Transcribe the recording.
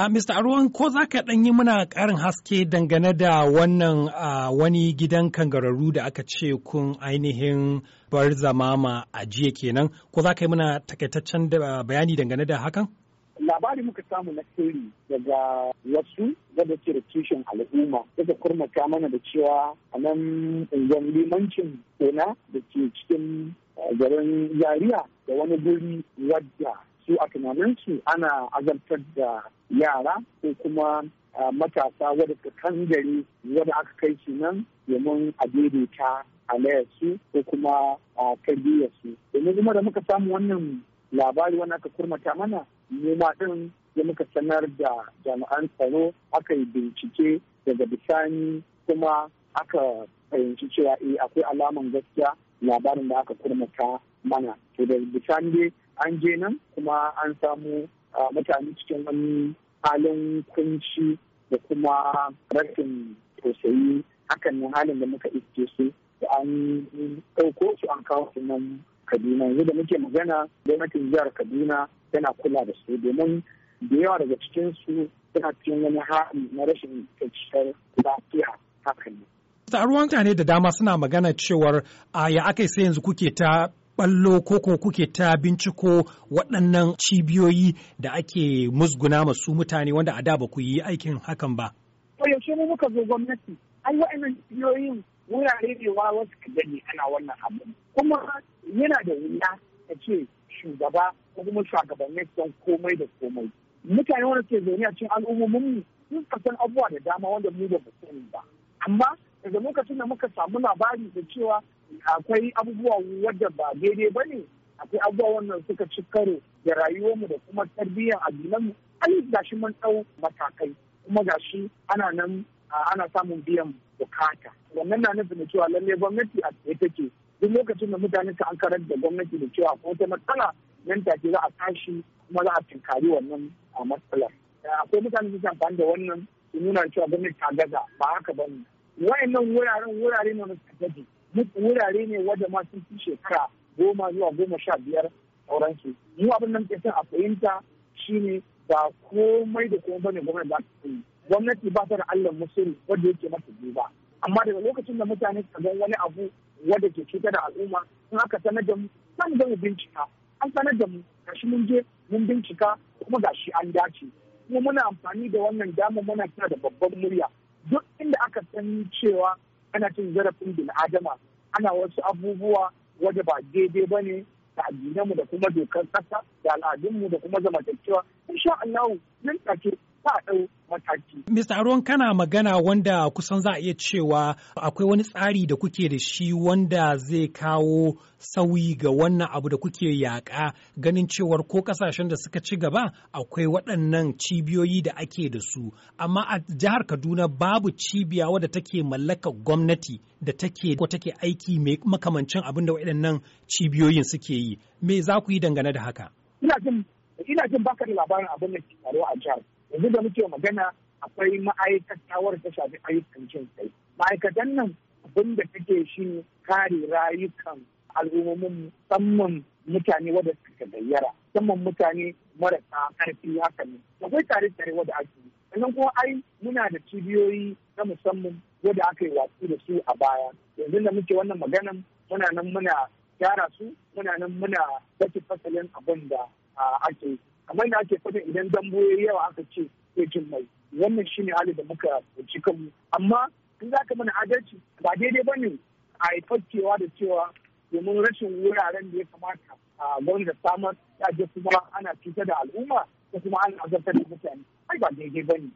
A Mr. Arwan, ko za ka ɗan yi muna ƙarin haske dangane da wannan a wani gidan kangararru da aka ce kun ainihin bar zamama a jiya kenan, ko za ka yi muna takaitaccen bayani dangane da hakan? labari muka samu na sirri daga wasu daga ke da tushen al'umma daga kurmata mana da cewa a nan unguwar limancin kona da ke cikin garin yariya da wani guri wadda su a tunaninsu ana azabtar da yara ko kuma matasa wadda ka kangare wadda aka kai su nan domin a daidaita layarsu ko kuma a tarbiyyarsu domin kuma da muka samu wannan labari wani aka kurmata mana mu ma din ya muka sanar da jami'an tsaro aka yi bincike daga bisani kuma aka fahimci cewa eh, akwai alaman gaskiya labarin da aka kurmata mana to da bisani an je nan kuma an samu ah, mutane cikin wani halin kunci da kuma rashin tausayi hakan ne halin da muka iske su da an ɗauko su an kawo su nan kaduna yanzu da muke magana gwamnatin jihar kaduna yana kula da su domin da yawa daga cikin su suna cikin wani hali na rashin kyakkyar lafiya hakan ne. ruwan mutane da dama suna magana cewar a ah, ya aka sai yanzu kuke ta ɓallo ko kuke ta binciko waɗannan cibiyoyi da ake musguna masu mutane wanda a da ba ku yi aikin hakan ba? yaushe mu muka zo gwamnati ai wa'annan cibiyoyin wurare ne wa wasu gani ana wannan abu kuma yana da wuya a ce shugaba ko kuma shugabanni don komai da komai mutane wanda ke zaune a cikin al'ummomin mu sun san abubuwa da dama wanda mu da ba amma daga lokacin da muka samu labari da cewa akwai abubuwa wadda ba daidai ba ne akwai abubuwa wannan suka ci karo da mu da kuma tarbiyyar addinanmu ai gashi mun ɗau matakai kuma gashi ana nan ana samun biyan bukata wannan na nufin cewa lallai gwamnati a tsaye take duk lokacin da mutane ka an karar da gwamnati da cewa ko ta matsala nan take za a tashi kuma za a tinkari wannan a matsalar akwai mutane su amfani da wannan su nuna cewa gwamnati ta gaza ba haka ba ne wayannan wuraren wurare ne na strategy wurare ne wadda ma sun fi shekara goma zuwa goma sha biyar sauransu mu abin nan muke a fahimta shine ba komai da komai bane gwamnati za ta yi gwamnati ba ta da allah musulmi wadda yake mata duba amma daga lokacin da mutane ka ga wani abu wadda ke cutar da al'umma in aka sanar da mu san da mu bincika an sanar da mu gashi mun je mun bincika kuma gashi an dace kuma muna amfani da wannan damar muna kira da babban murya duk inda aka san cewa ana cin zarafin bin Adama? ana wasu abubuwa wadda ba daidai ba ne da addinanmu da kuma dokar ƙasa da al'adunmu da kuma zamantakewa insha Allah nan take sa ɗau Mr. Aron kana magana wanda kusan za a iya cewa akwai wani tsari da kuke da shi wanda zai kawo sauyi ga wannan abu da kuke yaƙa ganin cewar ko ƙasashen da suka ci gaba akwai waɗannan cibiyoyi da ake da su amma a jihar Kaduna babu cibiya wadda take mallaka gwamnati da take ko take aiki mai makamancin abin da waɗannan cibiyoyin suke yi me za ku yi dangane da haka? Ina jin baka da labarin abin da ke faruwa a jihar yanzu da muke magana akwai ma'aikatawar ta shafi ayyukan jin kai ma'aikatan nan abin da take shi kare rayukan al'ummomin musamman mutane wanda suka gayyara musamman mutane marasa karfi haka ne akwai tare tare wanda ake yi sannan kuma ai muna da cibiyoyi na musamman wanda aka yi watsi da su a baya yanzu da muke wannan maganan muna nan muna gyara su muna nan muna sake fasalin abin da ake kamar da ake faɗin idan dambo ya yawa aka ce ya jin mai wannan shine hali da muka ci kanmu amma in za ka mana adalci ba daidai ba ne a haifar da cewa domin rashin wuraren da ya kamata a gwamnati samar ya je kuma ana cutar da al'umma ko kuma ana azabtar da mutane ai ba daidai ba ne